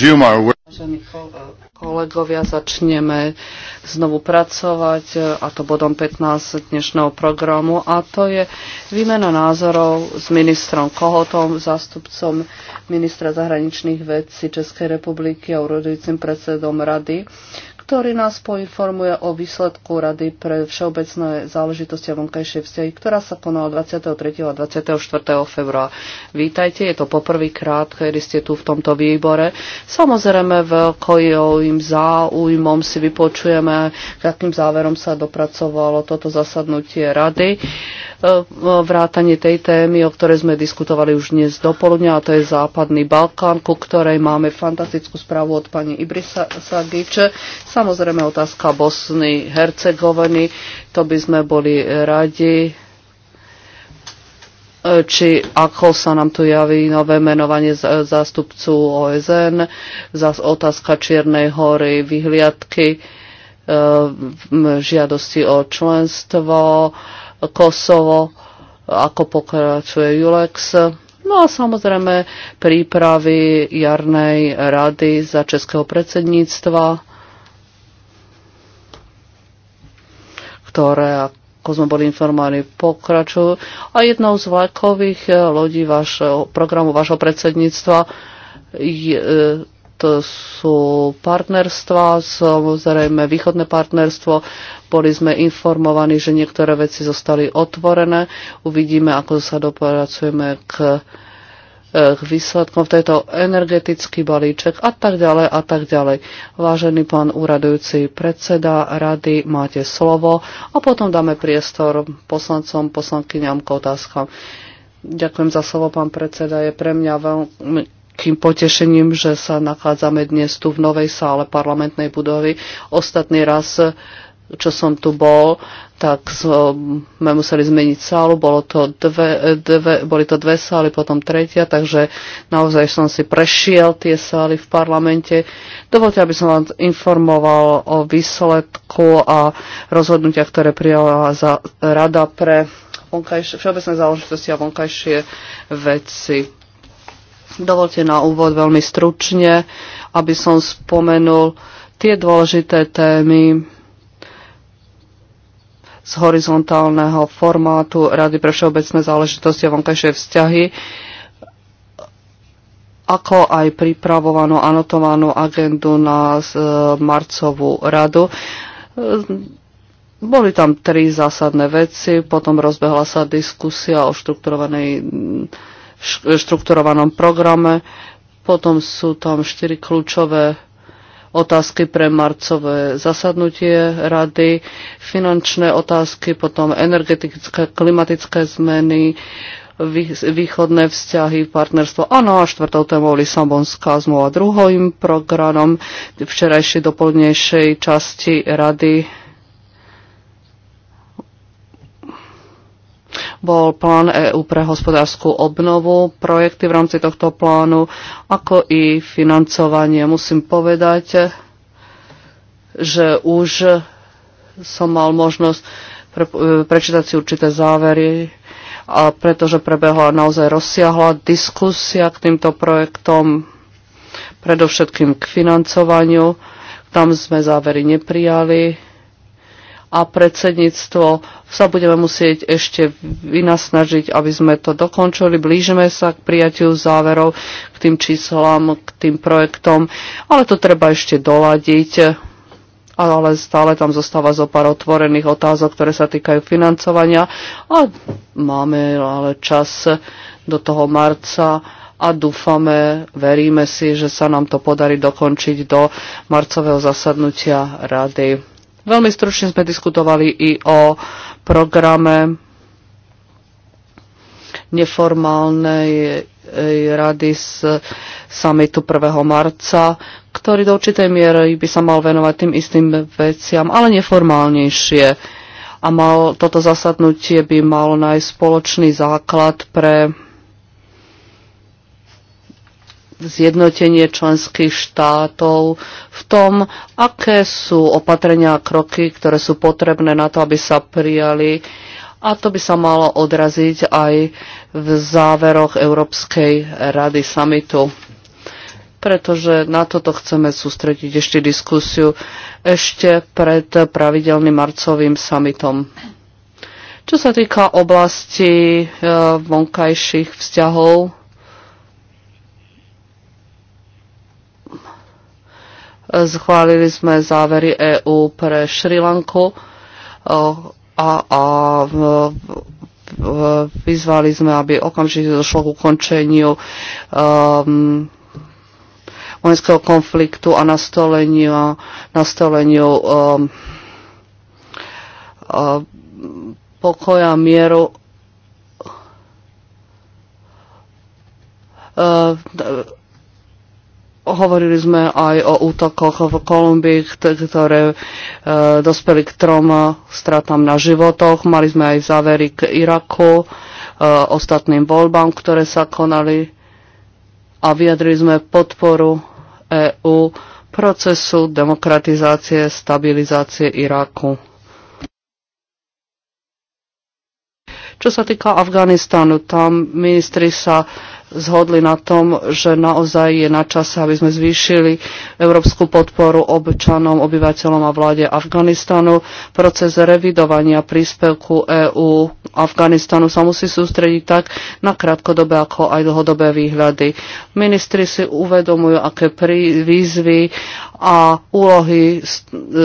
Vážení kolegovia, začneme znovu pracovať, e, a to bodom 15 dnešného programu, a to je výmena názorov s ministrom Kohotom, zástupcom ministra zahraničných vecí Českej republiky a urodujúcim predsedom rady. Uh, ktorý nás poinformuje o výsledku Rady pre všeobecné záležitosti a vonkajšie vzťahy, ktorá sa konala 23. a 24. februára. Vítajte, je to poprvýkrát, kedy ste tu v tomto výbore. Samozrejme, veľkým záujmom si vypočujeme, k akým záverom sa dopracovalo toto zasadnutie Rady. E, vrátanie tej témy, o ktorej sme diskutovali už dnes dopoludňa, a to je Západný Balkán, ku ktorej máme fantastickú správu od pani Ibrisa Sagiče. Samozrejme otázka Bosny, Hercegoviny, to by sme boli radi e, či ako sa nám tu javí nové menovanie zástupcu OSN, zás otázka Čiernej hory, vyhliadky, e, žiadosti o členstvo, Kosovo, ako pokračuje Julex. No a samozrejme prípravy jarnej rady za českého predsedníctva, ktoré, ako sme boli informovaní, pokračujú. A jednou z vlakových eh, lodí vašeho, programu vašho predsedníctva je, eh, to sú partnerstva, samozrejme východné partnerstvo. Boli sme informovaní, že niektoré veci zostali otvorené. Uvidíme, ako sa dopracujeme k, e, k výsledkom v tejto energetický balíček a tak ďalej a tak ďalej. Vážený pán úradujúci predseda rady, máte slovo a potom dáme priestor poslancom, poslankyňam k otázkam. Ďakujem za slovo, pán predseda. Je pre mňa veľmi veľkým potešením, že sa nachádzame dnes tu v novej sále parlamentnej budovy. Ostatný raz, čo som tu bol, tak sme museli zmeniť sálu. Bolo to dve, dve, boli to dve sály, potom tretia, takže naozaj som si prešiel tie sály v parlamente. Dovolte, aby som vám informoval o výsledku a rozhodnutiach, ktoré prijala za, rada pre vonkajšie, všeobecné záležitosti a vonkajšie veci Dovolte na úvod veľmi stručne, aby som spomenul tie dôležité témy z horizontálneho formátu Rady pre všeobecné záležitosti a vonkajšie vzťahy, ako aj pripravovanú anotovanú agendu na e, marcovú radu. E, boli tam tri zásadné veci, potom rozbehla sa diskusia o štrukturovanej štrukturovanom programe. Potom sú tam štyri kľúčové otázky pre marcové zasadnutie rady, finančné otázky, potom energetické, klimatické zmeny, východné vzťahy, partnerstvo. Áno, a štvrtou témou Lisabonská zmluva druhým programom včerajšej dopolnejšej časti rady Bol plán EU pre hospodárskú obnovu, projekty v rámci tohto plánu, ako i financovanie. Musím povedať, že už som mal možnosť pre, e, prečítať si určité závery, a pretože prebehla naozaj rozsiahla diskusia k týmto projektom, predovšetkým k financovaniu. Tam sme závery neprijali a predsedníctvo sa budeme musieť ešte vynasnažiť, aby sme to dokončili. Blížime sa k prijatiu záverov, k tým číslám, k tým projektom, ale to treba ešte doladiť. Ale stále tam zostáva zo pár otvorených otázok, ktoré sa týkajú financovania a máme ale čas do toho marca a dúfame, veríme si, že sa nám to podarí dokončiť do marcového zasadnutia rady. Veľmi stručne sme diskutovali i o programe neformálnej eh, rady z samitu 1. marca, ktorý do určitej miery by sa mal venovať tým istým veciam, ale neformálnejšie. A mal, toto zasadnutie by malo nájsť spoločný základ pre zjednotenie členských štátov v tom, aké sú opatrenia a kroky, ktoré sú potrebné na to, aby sa prijali. A to by sa malo odraziť aj v záveroch Európskej rady samitu pretože na toto chceme sústrediť ešte diskusiu ešte pred pravidelným marcovým summitom. Čo sa týka oblasti eh, vonkajších vzťahov, Schválili sme závery EÚ pre Šrilanku a, a vyzvali sme, aby okamžite došlo k ukončeniu um, vojenského konfliktu a nastoleniu, nastoleniu um, um, pokoja, mieru. Uh, um, Hovorili sme aj o útokoch v Kolumbii, ktoré e, dospeli k trom stratám na životoch. Mali sme aj závery k Iraku, e, ostatným voľbám, ktoré sa konali a vyjadrili sme podporu EÚ procesu demokratizácie, stabilizácie Iraku. Čo sa týka Afganistanu, tam ministri sa zhodli na tom, že naozaj je na čase, aby sme zvýšili európsku podporu občanom, obyvateľom a vláde Afganistanu. Proces revidovania príspevku EÚ Afganistanu sa musí sústrediť tak na krátkodobé ako aj dlhodobé výhľady. Ministri si uvedomujú, aké výzvy a úlohy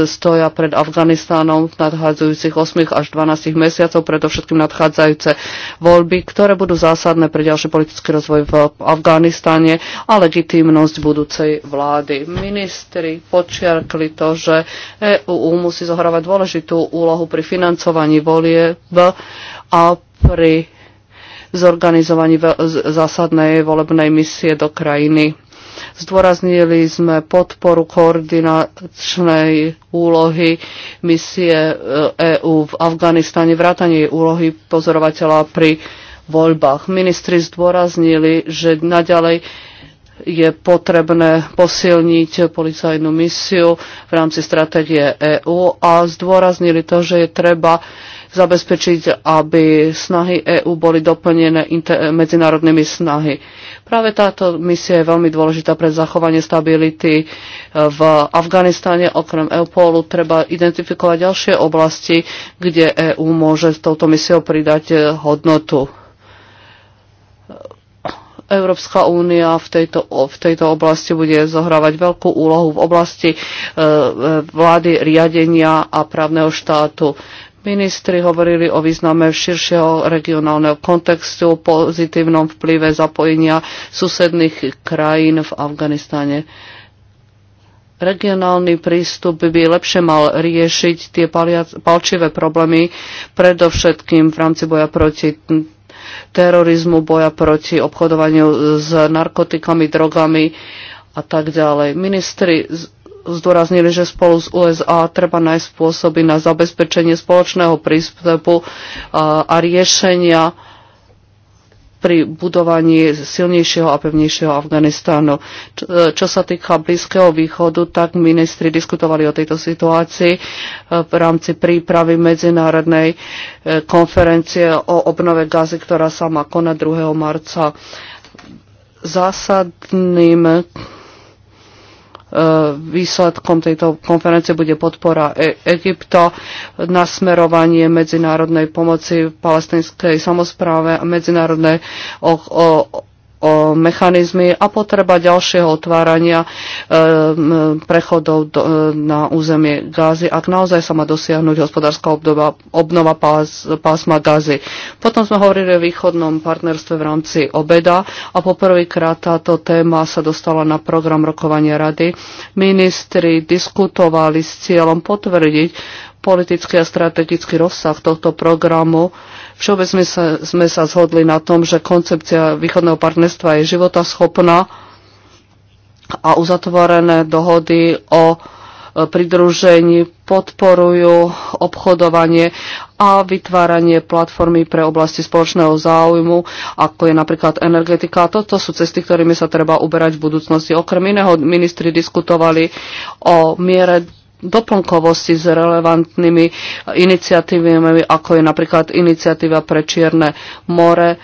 stoja pred Afganistánom v nadchádzajúcich 8 až 12 mesiacov, predovšetkým nadchádzajúce voľby, ktoré budú zásadné pre ďalší politický rozvoj v Afganistáne a legitímnosť budúcej vlády. Ministri počiarkli to, že EU musí zohrávať dôležitú úlohu pri financovaní volieb a pri zorganizovaní zásadnej volebnej misie do krajiny. Zdôraznili sme podporu koordinačnej úlohy misie EÚ e v Afganistane, vrátanie úlohy pozorovateľa pri voľbách. Ministri zdôraznili, že naďalej je potrebné posilniť policajnú misiu v rámci stratégie EÚ a zdôraznili to, že je treba zabezpečiť, aby snahy EÚ boli doplnené medzinárodnými snahy. Práve táto misia je veľmi dôležitá pre zachovanie stability e, v Afganistane. Okrem EUPOLu treba identifikovať ďalšie oblasti, kde EÚ môže s touto misiou pridať e, hodnotu. Európska únia v tejto, v tejto oblasti bude zohrávať veľkú úlohu v oblasti e, e vlády, riadenia a právneho štátu. Ministri hovorili o význame širšieho regionálneho kontextu, pozitívnom vplyve zapojenia susedných krajín v Afganistane. Regionálny prístup by lepšie mal riešiť tie palčivé problémy, predovšetkým v rámci boja proti terorizmu, boja proti obchodovaniu s narkotikami, drogami a tak ďalej. Ministri zdôraznili, že spolu s USA treba nájsť spôsoby na zabezpečenie spoločného prístupu a riešenia pri budovaní silnejšieho a pevnejšieho Afganistánu. Čo, e, čo sa týka Blízkeho východu, tak ministri diskutovali o tejto situácii e, v rámci prípravy medzinárodnej e, konferencie o obnove gazy, ktorá sa má konať 2. marca. Zásadným E, výsledkom tejto konferencie bude podpora e- Egypta, nasmerovanie medzinárodnej pomoci palestinskej samozpráve a medzinárodnej o- o- mechanizmy a potreba ďalšieho otvárania e, prechodov do, e, na územie Gázy, ak naozaj sa má dosiahnuť hospodárska obdoba, obnova pás, pásma Gázy. Potom sme hovorili o východnom partnerstve v rámci obeda a poprvýkrát táto téma sa dostala na program rokovania rady. Ministri diskutovali s cieľom potvrdiť politický a strategický rozsah tohto programu. Všeobecne sa, sme sa zhodli na tom, že koncepcia východného partnerstva je životaschopná a uzatvorené dohody o e, pridružení podporujú obchodovanie a vytváranie platformy pre oblasti spoločného záujmu, ako je napríklad energetika. Toto sú cesty, ktorými sa treba uberať v budúcnosti. Okrem iného ministri diskutovali o miere doplnkovosti s relevantnými iniciatívami, ako je napríklad iniciatíva pre Čierne more,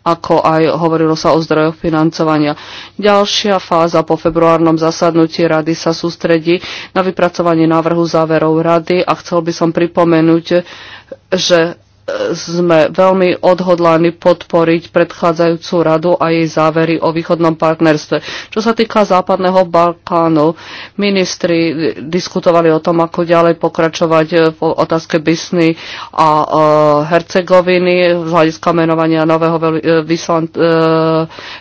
ako aj hovorilo sa o zdrojoch financovania. Ďalšia fáza po februárnom zasadnutí rady sa sústredí na vypracovanie návrhu záverov rady a chcel by som pripomenúť, že sme veľmi odhodláni podporiť predchádzajúcu radu a jej závery o východnom partnerstve. Čo sa týka západného Balkánu, ministri diskutovali o tom, ako ďalej pokračovať v otázke Bisny a e, Hercegoviny z hľadiska menovania nového e, vyslant, e,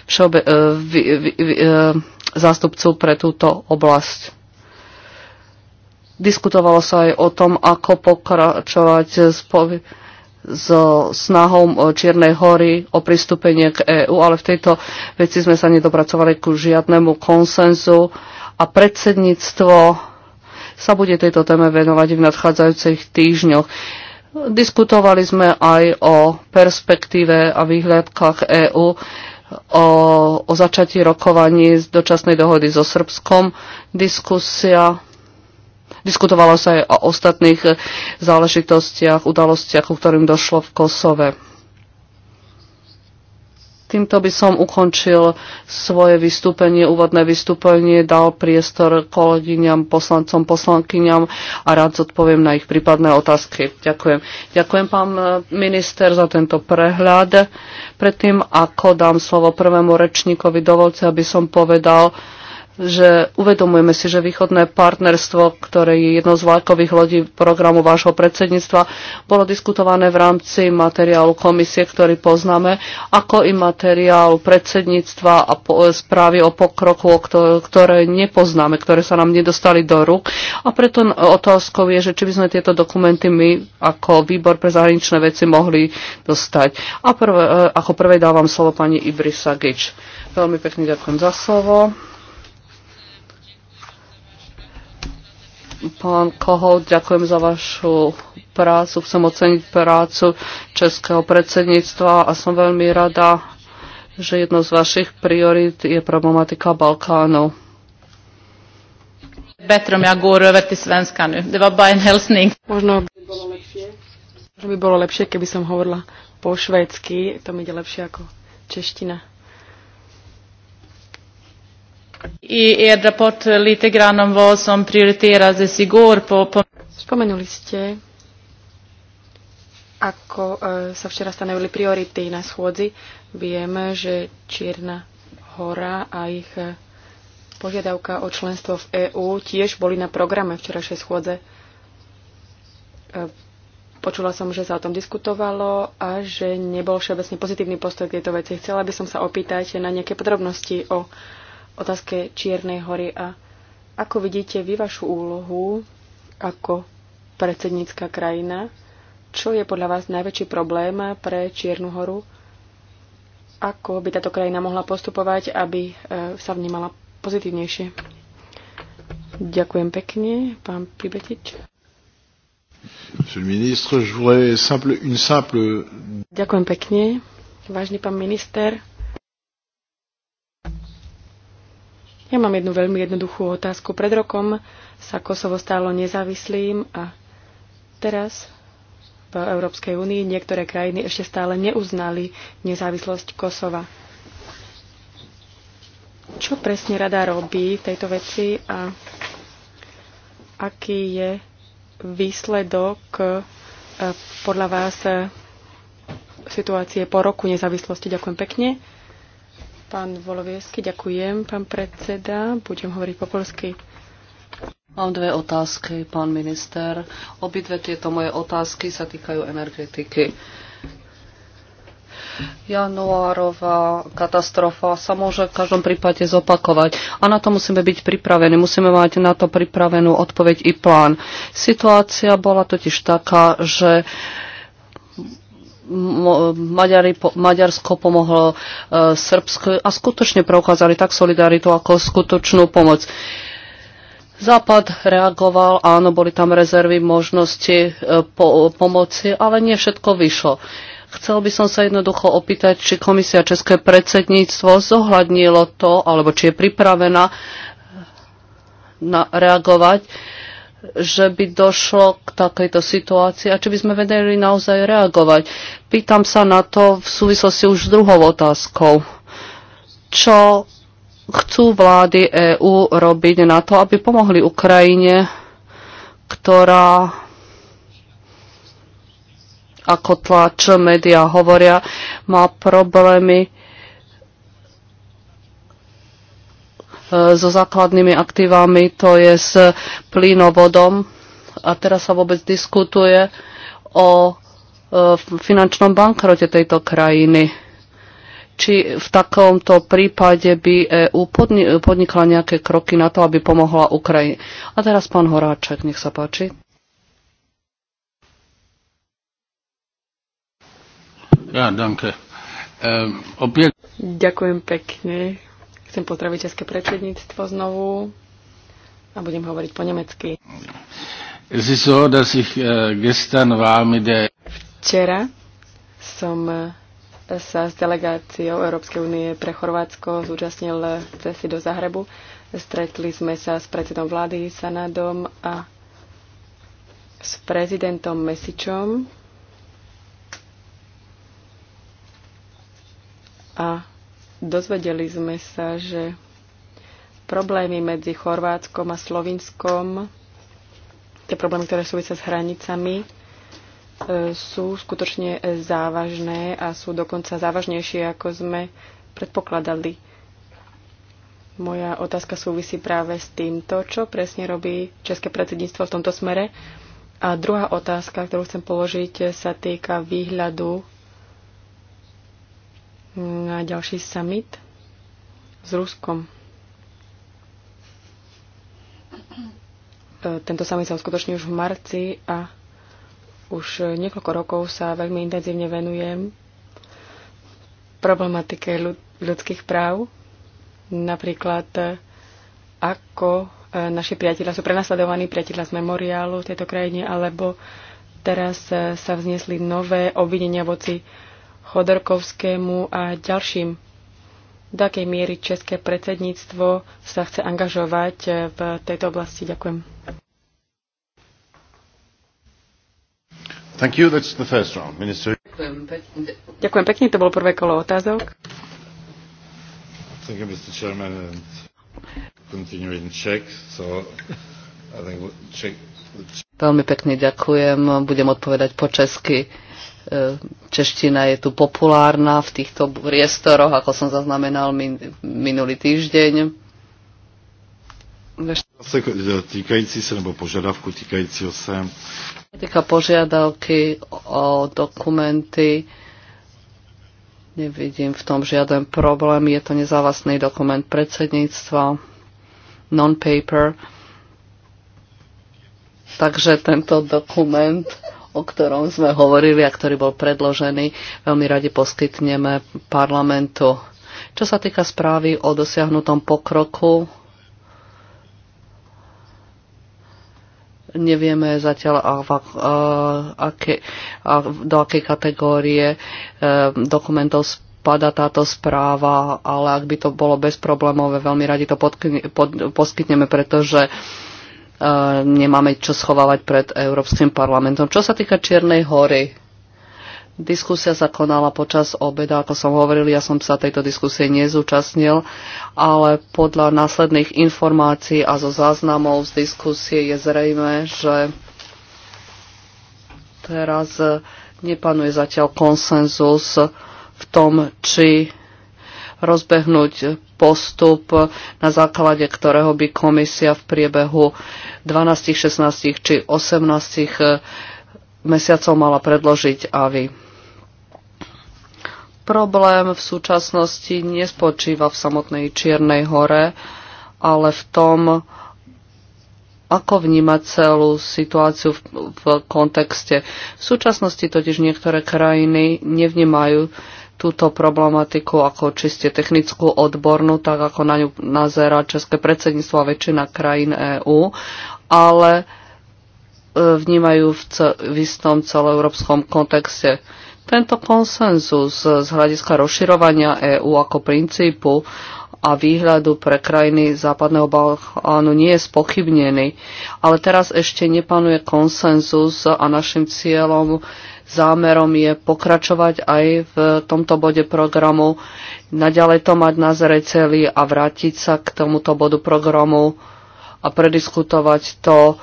všeobe, vy, vy, vy, zástupcu pre túto oblasť. Diskutovalo sa aj o tom, ako pokračovať s so snahou e, Čiernej hory o pristúpenie k EÚ, ale v tejto veci sme sa nedopracovali ku žiadnemu konsenzu a predsedníctvo sa bude tejto téme venovať v nadchádzajúcich týždňoch. Diskutovali sme aj o perspektíve a výhľadkách EÚ, o, o začatí rokovaní z dočasnej dohody so Srbskom. Diskusia Diskutovalo sa aj o ostatných e, záležitostiach, udalostiach, o ktorým došlo v Kosove. Týmto by som ukončil svoje vystúpenie, úvodné vystúpenie, dal priestor kolegyňam, poslancom, poslankyňam a rád zodpoviem na ich prípadné otázky. Ďakujem. Ďakujem, pán e, minister, za tento prehľad. Predtým, ako dám slovo prvému rečníkovi, dovolte, aby som povedal, že uvedomujeme si, že východné partnerstvo, ktoré je jednou z vlákových lodí programu vášho predsedníctva, bolo diskutované v rámci materiálu komisie, ktorý poznáme, ako i materiál predsedníctva a e, správy o pokroku, ktoré nepoznáme, ktoré sa nám nedostali do rúk. A preto otázkou je, že či by sme tieto dokumenty my ako výbor pre zahraničné veci mohli dostať. A prv, e, ako prvé dávam slovo pani Ibrisa Gič. Veľmi pekne ďakujem za slovo. Pán Kohol, ďakujem za vašu prácu. Chcem oceniť prácu českého predsedníctva a som veľmi rada, že jedno z vašich priorit je problematika Balkánu. Bättre svenska nu. Det var bara en hälsning. Možno by bolo lepšie, možno by bolo lepšie keby som hovorila po švédsky. To mi ide lepšie ako čeština. I er rapport lite grann om vad som prioriterades igår på, på... Spomenuli ste, ako e, sa včera stanovili priority na schôdzi. Vieme, že Čierna hora a ich e, požiadavka o členstvo v EÚ tiež boli na programe včerajšej schôdze. E, počula som, že sa o tom diskutovalo a že nebol všeobecne pozitívny postoj k tejto veci. Chcela by som sa opýtať na nejaké podrobnosti o otázke Čiernej hory a ako vidíte vy vašu úlohu ako predsednícka krajina? Čo je podľa vás najväčší problém pre Čiernu horu? Ako by táto krajina mohla postupovať, aby e, sa vnímala pozitívnejšie? Ďakujem pekne, pán Pribetič. ministre, simple, une simple... Ďakujem pekne, vážny pán minister. Ja mám jednu veľmi jednoduchú otázku. Pred rokom sa Kosovo stalo nezávislým a teraz v Európskej únii niektoré krajiny ešte stále neuznali nezávislosť Kosova. Čo presne rada robí v tejto veci a aký je výsledok e, podľa vás e, situácie po roku nezávislosti? Ďakujem pekne. Pán Voloviesky, ďakujem, pán predseda. Budem hovoriť po polsky. Mám dve otázky, pán minister. Obidve tieto moje otázky sa týkajú energetiky. Januárová katastrofa sa môže v každom prípade zopakovať. A na to musíme byť pripravení. Musíme mať na to pripravenú odpoveď i plán. Situácia bola totiž taká, že Maďari, Maďarsko pomohlo e, Srbsko a skutočne preukázali tak solidaritu ako skutočnú pomoc. Západ reagoval, áno, boli tam rezervy, možnosti e, po, pomoci, ale nie všetko vyšlo. Chcel by som sa jednoducho opýtať, či komisia České predsedníctvo zohľadnilo to, alebo či je pripravená na reagovať že by došlo k takejto situácii a či by sme vedeli naozaj reagovať. Pýtam sa na to v súvislosti už s druhou otázkou. Čo chcú vlády EÚ robiť na to, aby pomohli Ukrajine, ktorá ako tlač médiá hovoria, má problémy E, so základnými aktívami, to je s plynovodom. A teraz sa vôbec diskutuje o e, finančnom bankrote tejto krajiny. Či v takomto prípade by EU podnikla nejaké kroky na to, aby pomohla Ukrajine. A teraz pán Horáček, nech sa páči. Ja, danke. Ehm, Ďakujem pekne. Chcem pozdraviť české predsedníctvo znovu a budem hovoriť po nemecky. Äh, Včera som äh, sa s delegáciou Európskej únie pre Chorvátsko zúčastnil cesty do Zahrebu. Stretli sme sa s predsedom vlády Sanadom a s prezidentom Mesičom. A Dozvedeli sme sa, že problémy medzi Chorvátskom a Slovinskom, tie problémy, ktoré súvisia s hranicami, e, sú skutočne závažné a sú dokonca závažnejšie, ako sme predpokladali. Moja otázka súvisí práve s týmto, čo presne robí České predsedníctvo v tomto smere. A druhá otázka, ktorú chcem položiť, sa týka výhľadu na ďalší summit s Ruskom. E, tento summit sa uskutoční už v marci a už niekoľko rokov sa veľmi intenzívne venujem problematike ľudských práv. Napríklad, e, ako e, naši priatelia sú prenasledovaní, priatelia z memoriálu v tejto krajine, alebo teraz sa vznesli nové obvinenia voci Chodorkovskému a ďalším. Do akej miery české predsedníctvo sa chce angažovať eh, v tejto oblasti? Ďakujem. Thank you. That's the first round, Minister. Ďakujem, pekne. to bolo prvé kolo otázok. Thank you, Mr. Chairman. And continuing check. so I think we'll check, check. Veľmi pekne ďakujem, budem odpovedať po česky. E, čeština je tu populárna v týchto priestoroch, ako som zaznamenal minulý týždeň. Týkajúci sa, nebo požiadavku týkajúciho sa. Týka požiadavky o dokumenty. Nevidím v tom žiaden problém. Je to nezávastný dokument predsedníctva, non-paper Takže tento dokument, o ktorom sme hovorili a ktorý bol predložený, veľmi radi poskytneme parlamentu. Čo sa týka správy o dosiahnutom pokroku, nevieme zatiaľ a a, aké, a do akej kategórie e, dokumentov spada táto správa, ale ak by to bolo bezproblémové, veľmi radi to pod, pod, poskytneme, pretože e, Ehm, nemáme čo schovávať pred Európskym parlamentom. Čo sa týka Čiernej hory, Diskusia sa konala počas obeda, ako som hovoril, ja som sa tejto diskusie nezúčastnil, ale podľa následných informácií a zo záznamov z diskusie je zrejme, že teraz nepanuje zatiaľ konsenzus v tom, či rozbehnúť postup, na základe ktorého by komisia v priebehu 12, 16 či 18 eh, mesiacov mala predložiť AVI. Problém v súčasnosti nespočíva v samotnej Čiernej hore, ale v tom, ako vnímať celú situáciu v, v kontexte. V súčasnosti totiž niektoré krajiny nevnímajú túto problematiku ako čiste technickú odbornú, tak ako na ňu nazera České predsedníctvo a väčšina krajín EÚ, ale e, vnímajú v, v istom celoeurópskom kontexte. Tento konsenzus z hľadiska rozširovania EÚ ako princípu a výhľadu pre krajiny Západného Balkánu nie je spochybnený. Ale teraz ešte nepanuje konsenzus a našim cieľom zámerom je pokračovať aj v tomto bode programu, naďalej to mať na zreceli a vrátiť sa k tomuto bodu programu a prediskutovať to e,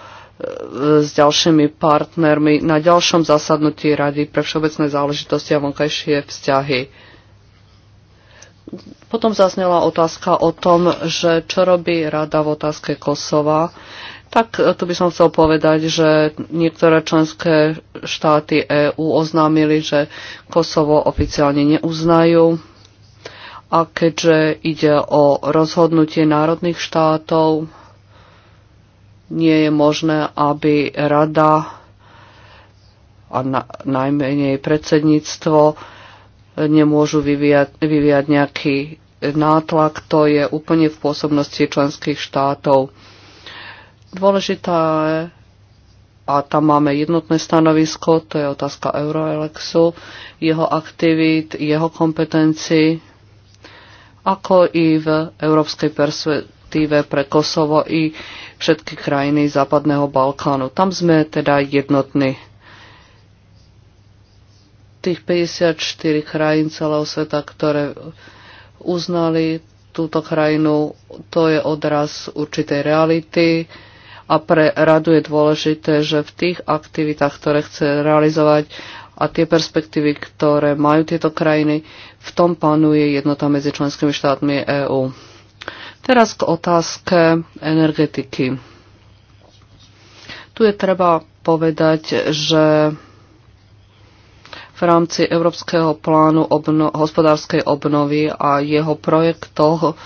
s ďalšími partnermi na ďalšom zasadnutí Rady pre všeobecné záležitosti a vonkajšie vzťahy. Potom zaznela otázka o tom, že čo robí rada v otázke Kosova tak e, tu by som chcel povedať, že niektoré členské štáty EÚ oznámili, že Kosovo oficiálne neuznajú. A keďže ide o rozhodnutie národných štátov, nie je možné, aby rada a na, najmenej predsedníctvo nemôžu vyvíjať, vyvíjať nejaký nátlak. To je úplne v pôsobnosti členských štátov. Dôležitá je, a tam máme jednotné stanovisko, to je otázka Euroelexu, jeho aktivít, jeho kompetencií, ako i v európskej perspektíve pre Kosovo i všetky krajiny Západného Balkánu. Tam sme teda jednotní. Tých 54 krajín celého sveta, ktoré uznali túto krajinu, to je odraz určitej reality, a pre radu je dôležité, že v tých aktivitách, ktoré chce realizovať a tie perspektívy, ktoré majú tieto krajiny, v tom panuje jednota medzi členskými štátmi EÚ. Teraz k otázke energetiky. Tu je treba povedať, že v rámci Európskeho plánu obno- hospodárskej obnovy a jeho projektov,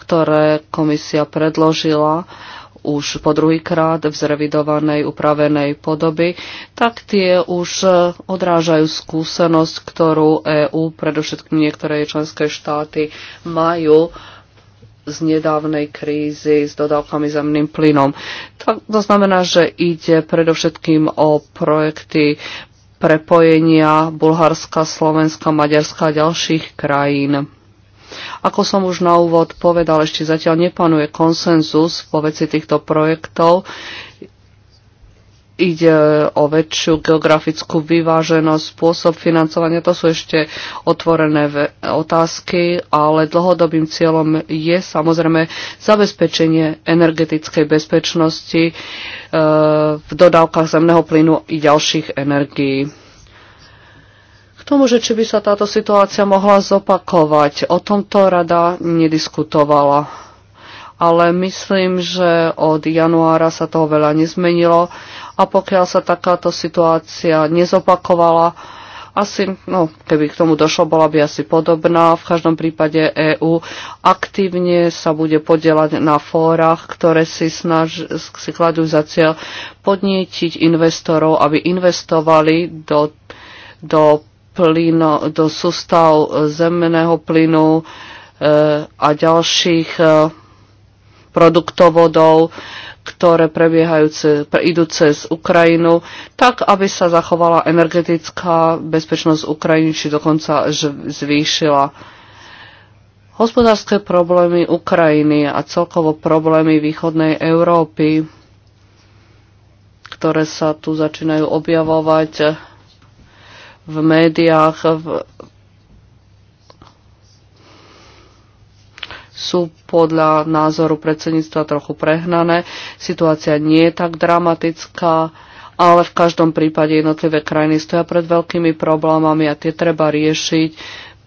ktoré komisia predložila, už po druhýkrát v zrevidovanej, upravenej podoby, tak tie už e, odrážajú skúsenosť, ktorú EÚ, predovšetkým niektoré členské štáty, majú z nedávnej krízy s dodávkami zemným plynom. To znamená, že ide predovšetkým o projekty prepojenia Bulharska, Slovenska, Maďarska a ďalších krajín. Ako som už na úvod povedal, ešte zatiaľ nepanuje konsenzus po veci týchto projektov. Ide o väčšiu geografickú vyváženosť, spôsob financovania. To sú ešte otvorené otázky, ale dlhodobým cieľom je samozrejme zabezpečenie energetickej bezpečnosti e, v dodávkach zemného plynu i ďalších energií tomu, že či by sa táto situácia mohla zopakovať. O tomto rada nediskutovala. Ale myslím, že od januára sa toho veľa nezmenilo a pokiaľ sa takáto situácia nezopakovala, asi, no, keby k tomu došlo, bola by asi podobná. V každom prípade EÚ aktívne sa bude podielať na fórach, ktoré si, snaž, si kladú za cieľ podnietiť investorov, aby investovali do, do plyn do sústav zemného plynu e, a ďalších e, produktovodov, ktoré idú cez Ukrajinu, tak aby sa zachovala energetická bezpečnosť Ukrajiny, či dokonca zvýšila. Hospodárske problémy Ukrajiny a celkovo problémy východnej Európy, ktoré sa tu začínajú objavovať, v médiách, v, sú podľa názoru predsedníctva trochu prehnané. Situácia nie je tak dramatická, ale v každom prípade jednotlivé krajiny stoja pred veľkými problémami a tie treba riešiť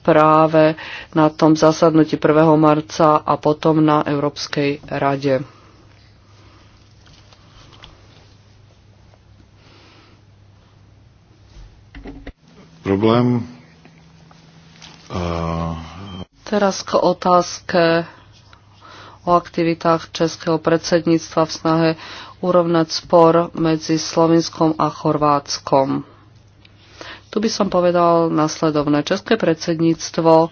práve na tom zasadnutí 1. marca a potom na Európskej rade. problém. Teraz k otázke o aktivitách českého predsedníctva v snahe urovnať spor medzi Slovinskom a Chorvátskom. Tu by som povedal nasledovné. České predsedníctvo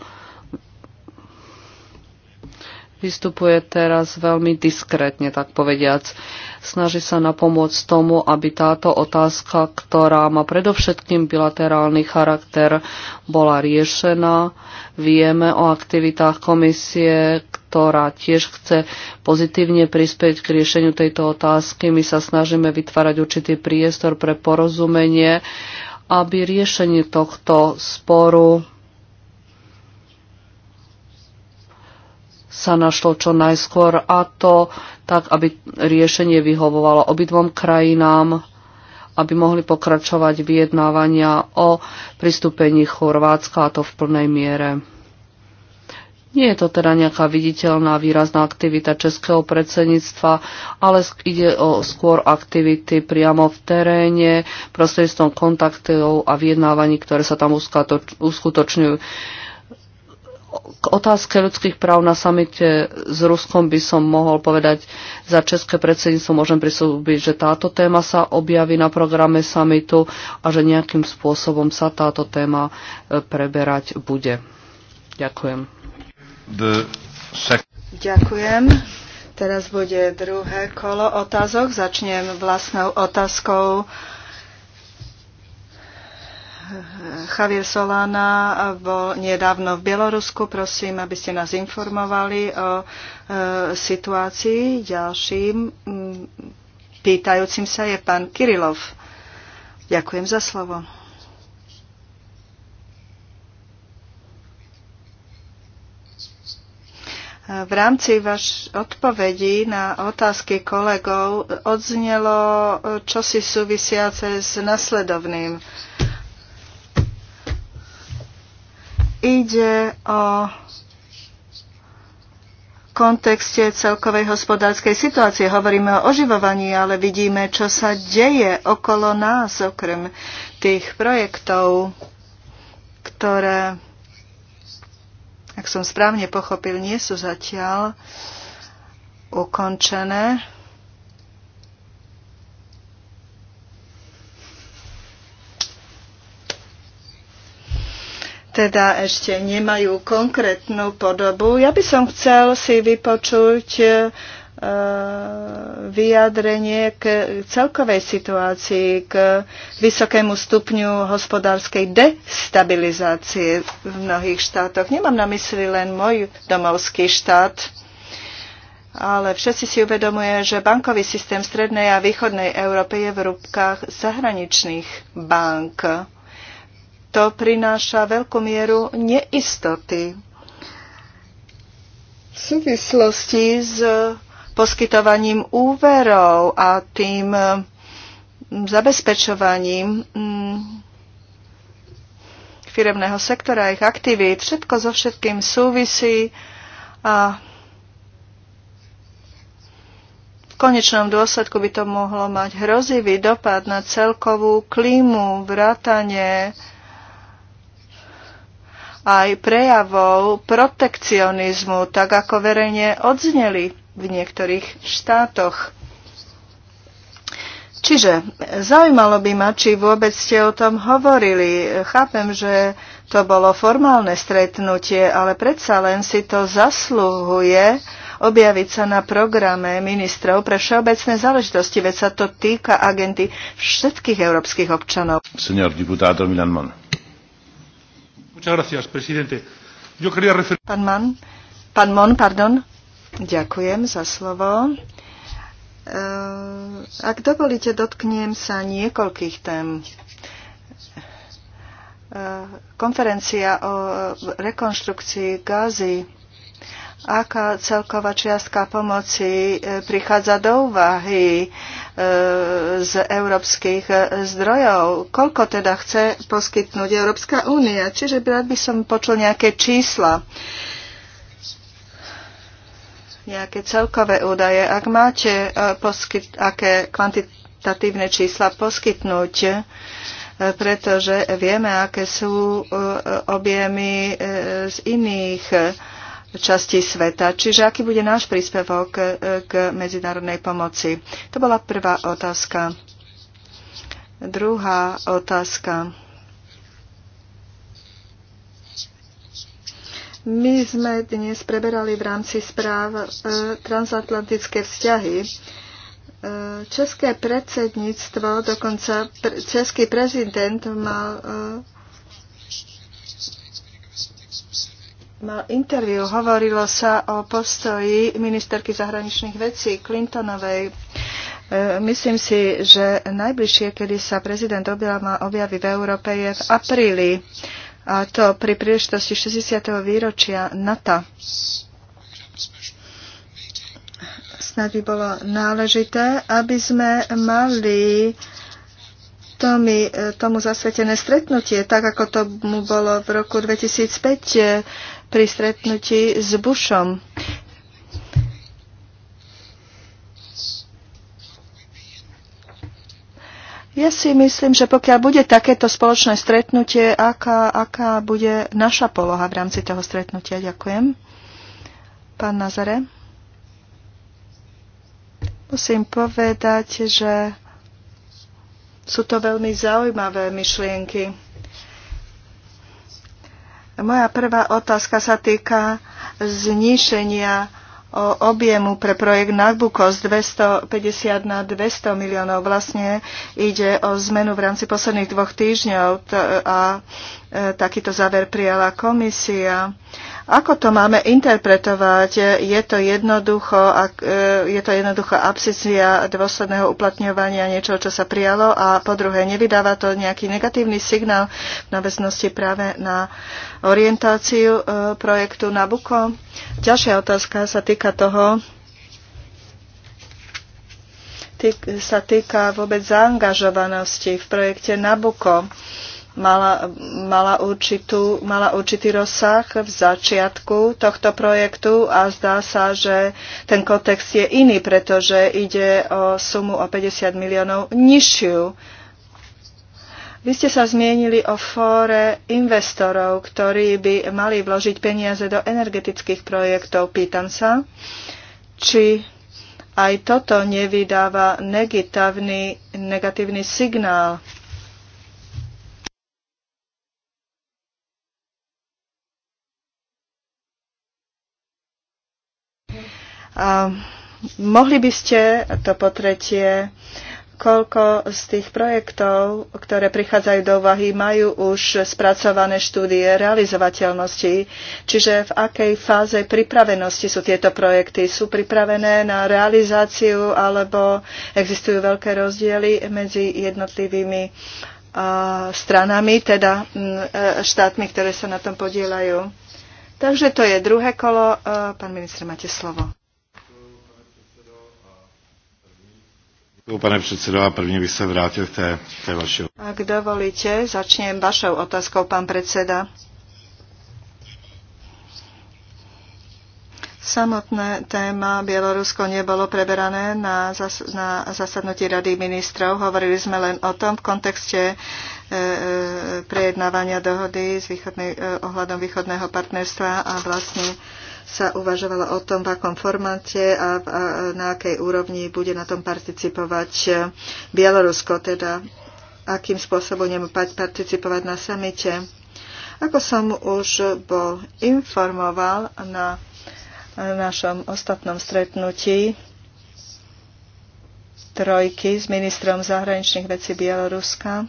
vystupuje teraz veľmi diskrétne, tak povediac. Snaží sa napomôcť tomu, aby táto otázka, ktorá má predovšetkým bilaterálny charakter, bola riešená. Vieme o aktivitách komisie, ktorá tiež chce pozitívne prispieť k riešeniu tejto otázky. My sa snažíme vytvárať určitý priestor pre porozumenie, aby riešenie tohto sporu sa našlo čo najskôr a to tak, aby riešenie vyhovovalo obidvom krajinám, aby mohli pokračovať vyjednávania o pristúpení Chorvátska a to v plnej miere. Nie je to teda nejaká viditeľná výrazná aktivita českého predsedníctva, ale ide o skôr aktivity priamo v teréne, prostredstvom kontaktov a vyjednávaní, ktoré sa tam uskutočňujú. K otázke ľudských práv na samite s Ruskom by som mohol povedať, za české predsedníctvo môžem prisúbiť, že táto téma sa objaví na programe samitu a že nejakým spôsobom sa táto téma e, preberať bude. Ďakujem. Ďakujem. Teraz bude druhé kolo otázok. Začnem vlastnou otázkou Javier Solana bol nedávno v Bielorusku. Prosím, aby ste nás informovali o e, situácii. Ďalším mm, pýtajúcim sa je pán Kirilov. Ďakujem za slovo. V rámci vaš odpovedí na otázky kolegov odznelo čosi súvisiace s nasledovným Ide o kontexte celkovej hospodárskej situácie. Hovoríme o oživovaní, ale vidíme, čo sa deje okolo nás, okrem tých projektov, ktoré, ak som správne pochopil, nie sú zatiaľ ukončené. teda ešte nemajú konkrétnu podobu. Ja by som chcel si vypočuť e, vyjadrenie k celkovej situácii, k vysokému stupňu hospodárskej destabilizácie v mnohých štátoch. Nemám na mysli len môj domovský štát, ale všetci si uvedomuje, že bankový systém strednej a východnej Európy je v rúbkach zahraničných bank to prináša veľkú mieru neistoty. V súvislosti s poskytovaním úverov a tým mm, zabezpečovaním mm, firemného sektora, a ich aktivít, všetko so všetkým súvisí a v konečnom dôsledku by to mohlo mať hrozivý dopad na celkovú klímu, vrátanie aj prejavov protekcionizmu, tak ako verejne odzneli v niektorých štátoch. Čiže zaujímalo by ma, či vôbec ste o tom hovorili. Chápem, že to bolo formálne stretnutie, ale predsa len si to zasluhuje objaviť sa na programe ministrov pre všeobecné záležitosti, veď sa to týka agenty všetkých európskych občanov. Senior deputátor Milan Mon. Muchas presidente. Yo quería Pán Man, Mon, pardon. Ďakujem za slovo. Eh, ak dovolíte, dotknem sa niekoľkých tém. Eh, konferencia o rekonštrukcii Gázy, aká celková čiastka pomoci eh, prichádza do úvahy z európskych zdrojov. Koľko teda chce poskytnúť Európska únia? Čiže rád by som počul nejaké čísla nejaké celkové údaje. Ak máte, e, poskyt, aké kvantitatívne čísla poskytnúť, e, pretože vieme, aké sú e, objemy z iných časti sveta. Čiže aký bude náš príspevok e, k medzinárodnej pomoci? To bola prvá otázka. Druhá otázka. My sme dnes preberali v rámci správ e, transatlantické vzťahy. E, české predsedníctvo, dokonca český prezident mal mal interviu. Hovorilo sa o postoji ministerky zahraničných vecí Clintonovej. E, myslím si, že najbližšie, kedy sa prezident Obama objaví v Európe, je v apríli. A to pri príležitosti 60. výročia NATO. Snad by bolo náležité, aby sme mali tomu, e, tomu zasvetené stretnutie, tak ako tomu bolo v roku 2005 pri stretnutí s Bushom. Ja si myslím, že pokiaľ bude takéto spoločné stretnutie, aká, aká bude naša poloha v rámci toho stretnutia? Ďakujem. Pán Nazare. Musím povedať, že sú to veľmi zaujímavé myšlienky. Moja prvá otázka sa týka znišenia objemu pre projekt Nabucco z 250 na 200 miliónov. Vlastne ide o zmenu v rámci posledných dvoch týždňov a E, takýto záver prijala komisia. Ako to máme interpretovať? Je to jednoducho, e, je to jednoducho absencia dôsledného uplatňovania niečo, čo sa prijalo a po druhé, nevydáva to nejaký negatívny signál v náväznosti práve na orientáciu e, projektu Nabuko? Ďalšia otázka sa týka toho, sa týka vôbec zaangažovanosti v projekte Nabuko mala, mala, určitú, mala určitý rozsah v začiatku tohto projektu a zdá sa, že ten kontext je iný, pretože ide o sumu o 50 miliónov nižšiu. Vy ste sa zmienili o fóre investorov, ktorí by mali vložiť peniaze do energetických projektov. Pýtam sa, či aj toto nevydáva negatívny, negatívny signál A mohli by ste to po tretie koľko z tých projektov, ktoré prichádzajú do úvahy, majú už spracované štúdie realizovateľnosti, čiže v akej fáze pripravenosti sú tieto projekty? Sú pripravené na realizáciu alebo existujú veľké rozdiely medzi jednotlivými stranami, teda e, štátmi, ktoré sa na tom podielajú? Takže to je druhé kolo. E, pán minister, máte slovo. Pane predsedo, a prvne by sa vrátil k té, té Ak dovolíte, začnem vašou otázkou, pán predseda. Samotné téma Bielorusko nebolo preberané na, zas, na zasadnutí Rady ministrov. Hovorili sme len o tom v kontexte e, e prejednávania dohody s východný, e, ohľadom východného partnerstva a vlastne e, sa uvažovalo o tom, v akom formáte a, na akej úrovni bude na tom participovať Bielorusko, teda akým spôsobom budeme participovať na samite. Ako som už bol informoval na našom ostatnom stretnutí trojky s ministrom zahraničných vecí Bieloruska,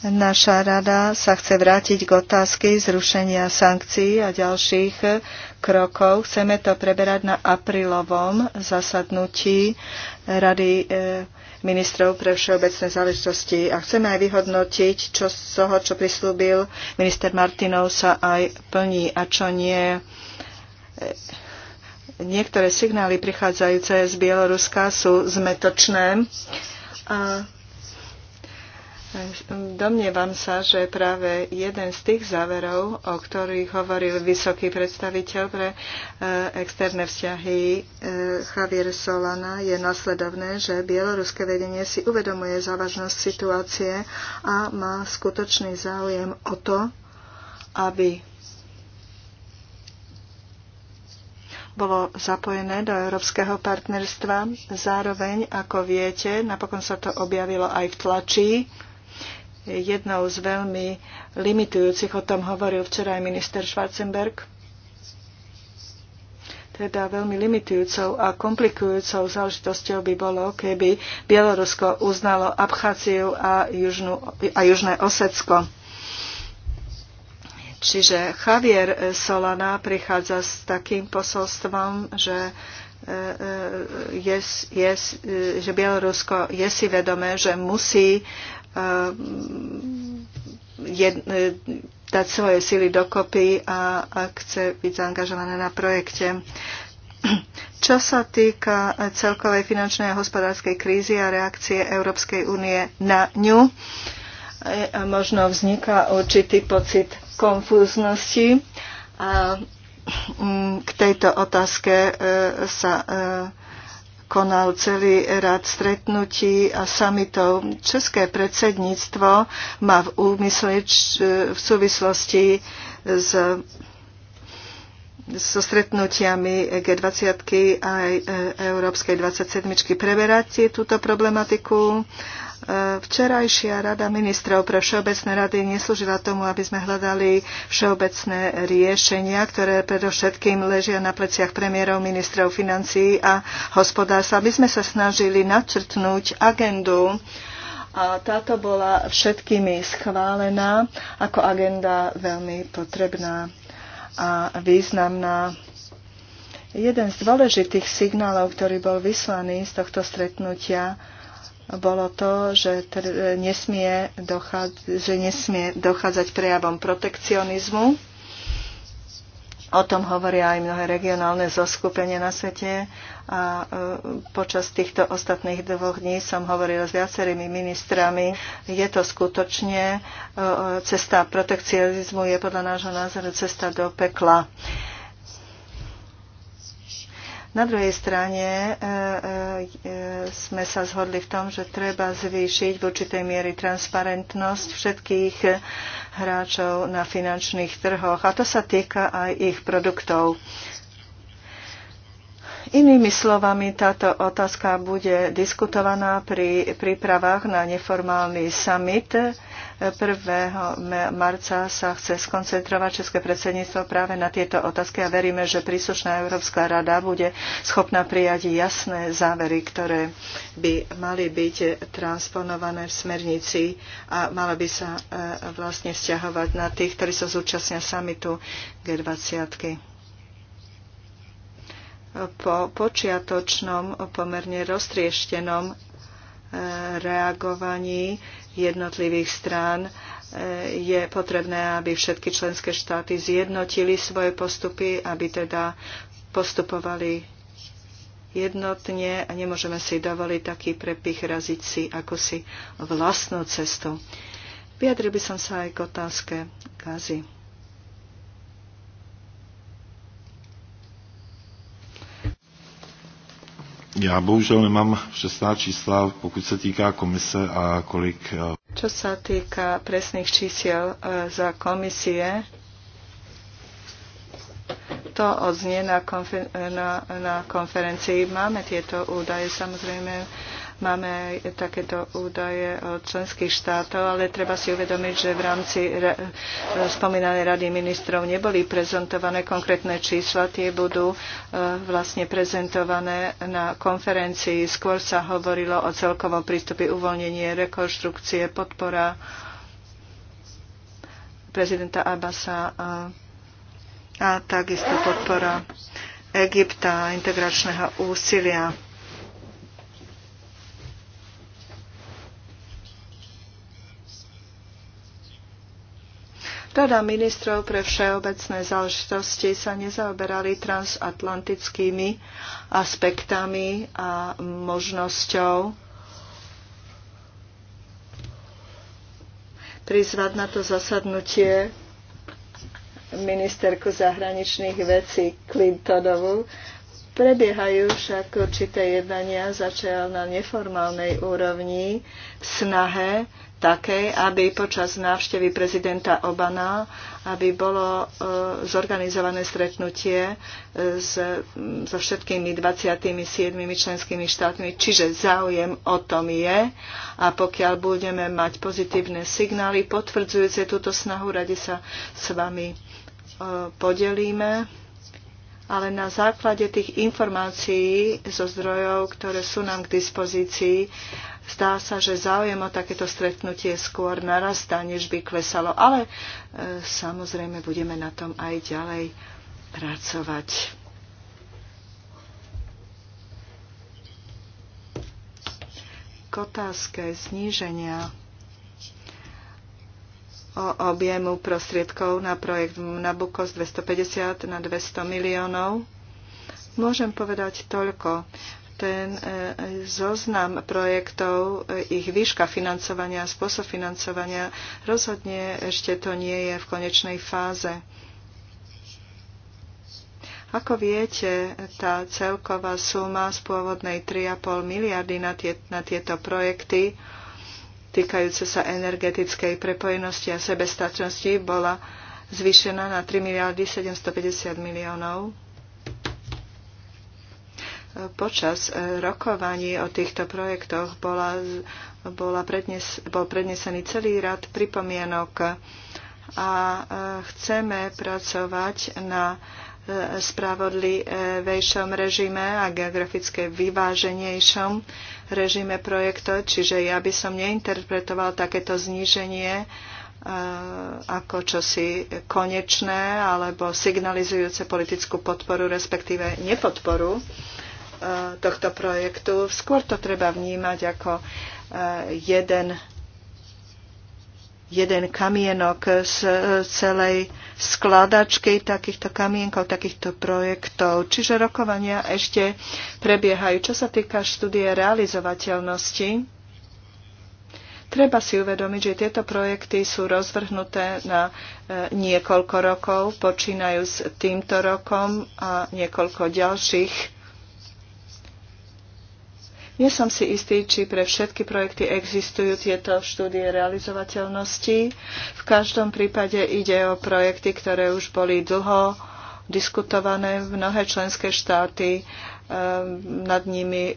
Naša rada sa chce vrátiť k otázky zrušenia sankcií a ďalších krokov. Chceme to preberať na aprílovom zasadnutí Rady eh, ministrov pre všeobecné záležitosti a chceme aj vyhodnotiť, čo z toho, čo prislúbil minister Martinov, sa aj plní a čo nie. Eh, niektoré signály prichádzajúce z Bieloruska sú zmetočné. A Domnievam sa, že práve jeden z tých záverov, o ktorých hovoril vysoký predstaviteľ pre e, externé vzťahy e, Javier Solana, je nasledovné, že bieloruské vedenie si uvedomuje závažnosť situácie a má skutočný záujem o to, aby bolo zapojené do európskeho partnerstva. Zároveň, ako viete, napokon sa to objavilo aj v tlači, jednou z veľmi limitujúcich, o tom hovoril včera aj minister Schwarzenberg, teda veľmi limitujúcou a komplikujúcou záležitosťou by bolo, keby Bielorusko uznalo Abcháciu a, Južnú, a Južné Osecko. Čiže Javier Solana prichádza s takým posolstvom, že e, e, je, je, že Bielorusko je si vedomé, že musí Ehm, jed, e, dať svoje sily dokopy a a chce byť zaangažované na projekte. Čo sa týka e, celkovej finančnej a hospodárskej krízy a reakcie Európskej únie na ňu, e, možno vzniká určitý pocit konfúznosti. A mm, k tejto otázke sa konal celý rad stretnutí a samitov. České predsedníctvo má v úmysle v súvislosti s so stretnutiami G20 aj e, Európskej 27 preberať túto problematiku Včerajšia rada ministrov pre všeobecné rady neslúžila tomu, aby sme hľadali všeobecné riešenia, ktoré predovšetkým ležia na pleciach premiérov, ministrov financií a hospodárstva. aby sme sa snažili načrtnúť agendu a táto bola všetkými schválená ako agenda veľmi potrebná a významná. Jeden z dôležitých signálov, ktorý bol vyslaný z tohto stretnutia, bolo to, že, nesmie že nesmie dochádzať prejavom protekcionizmu. O tom hovoria aj mnohé regionálne zoskupenie na svete a e, počas týchto ostatných dvoch dní som hovorila s viacerými ministrami. Je to skutočne e, e, cesta protekcionizmu, je podľa nášho názoru cesta do pekla. Na druhej strane e, e, e, sme sa zhodli v tom, že treba zvýšiť v určitej miery transparentnosť všetkých hráčov na finančných trhoch. A to sa týka aj ich produktov. Inými slovami, táto otázka bude diskutovaná pri prípravách na neformálny summit 1. marca sa chce skoncentrovať České predsedníctvo práve na tieto otázky a veríme, že príslušná Európska rada bude schopná prijať jasné závery, ktoré by mali byť transponované v smernici a mala by sa e, vlastne vzťahovať na tých, ktorí sa zúčastnia samitu G20. po počiatočnom pomerne roztrieštenom reagovaní jednotlivých strán je potrebné, aby všetky členské štáty zjednotili svoje postupy, aby teda postupovali jednotne a nemôžeme si dovoliť taký prepich raziť si ako si vlastnú cestu. Vyjadril by som sa aj k otázke gazy. Ja bohužel nemám přesná čísla, pokud se týká komise a kolik... Eh, Čo sa týka presných čísiel eh, za komisie, to odznie na, konfer- na, na konferencii. Máme tieto údaje samozrejme Máme aj takéto údaje od členských štátov, ale treba si uvedomiť, že v rámci spomínanej rady ministrov neboli prezentované konkrétne čísla. Tie budú e, vlastne prezentované na konferencii. Skôr sa hovorilo o celkovom prístupe uvoľnenie, rekonštrukcie, podpora prezidenta Abasa a, a takisto podpora Egypta integračného úsilia Rada ministrov pre všeobecné záležitosti sa nezaoberali transatlantickými aspektami a možnosťou prizvať na to zasadnutie ministerku zahraničných vecí Clintonovu. Prebiehajú však určité jednania, začal na neformálnej úrovni v snahe také, aby počas návštevy prezidenta Obana, aby bolo e, zorganizované stretnutie e, s, so všetkými 27 členskými štátmi. Čiže záujem o tom je a pokiaľ budeme mať pozitívne signály potvrdzujúce túto snahu, radi sa s vami e, podelíme ale na základe tých informácií zo zdrojov, ktoré sú nám k dispozícii, Zdá sa, že záujem o takéto stretnutie skôr narastá, než by klesalo, ale e, samozrejme budeme na tom aj ďalej pracovať. K otázke zníženia o objemu prostriedkov na projekt Nabucco z 250 na 200 miliónov. Môžem povedať toľko ten e, zoznam projektov, e, ich výška financovania, spôsob financovania, rozhodne ešte to nie je v konečnej fáze. Ako viete, tá celková suma z pôvodnej 3,5 miliardy na, tie, na tieto projekty týkajúce sa energetickej prepojenosti a sebestačnosti bola zvýšená na 3 miliardy 750 miliónov Počas e, rokovaní o týchto projektoch bola, bola prednes, bol prednesený celý rad pripomienok a e, chceme pracovať na e, spravodlivejšom režime a geografické vyváženejšom režime projektu. čiže ja by som neinterpretoval takéto zníženie ako čosi konečné alebo signalizujúce politickú podporu, respektíve nepodporu Eh, tohto projektu. Skôr to treba vnímať ako eh, jeden, jeden kamienok z eh, celej skladačky takýchto kamienkov, takýchto projektov. Čiže rokovania ešte prebiehajú. Čo sa týka štúdie realizovateľnosti, treba si uvedomiť, že tieto projekty sú rozvrhnuté na niekoľko rokov, počínajú s týmto rokom a niekoľko ďalších nie som si istý, či pre všetky projekty existujú tieto štúdie realizovateľnosti. V každom prípade ide o projekty, ktoré už boli dlho diskutované. Mnohé členské štáty eh, nad nimi eh,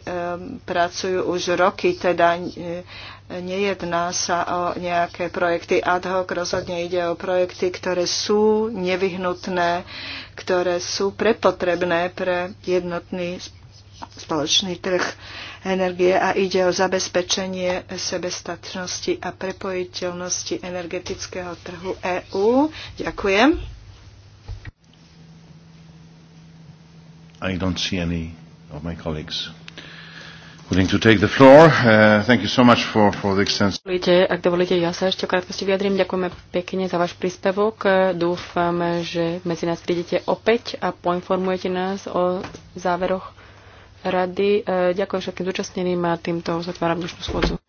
pracujú už roky, teda eh, nejedná sa o nejaké projekty ad hoc, rozhodne ide o projekty, ktoré sú nevyhnutné, ktoré sú prepotrebné pre jednotný spoločný trh energie a ide o zabezpečenie sebestačnosti a prepojiteľnosti energetického trhu EÚ. Ďakujem. I don't see any of my colleagues willing to take the floor. Uh, thank you so much for, for the extensive... Ak dovolíte, ja sa ešte krátkosti vyjadrím. Ďakujeme pekne za váš príspevok. Dúfam, že medzi nás prídete opäť a poinformujete nás o záveroch rady. E, ďakujem všetkým zúčastneným a týmto zatváram dnešnú schôdzu.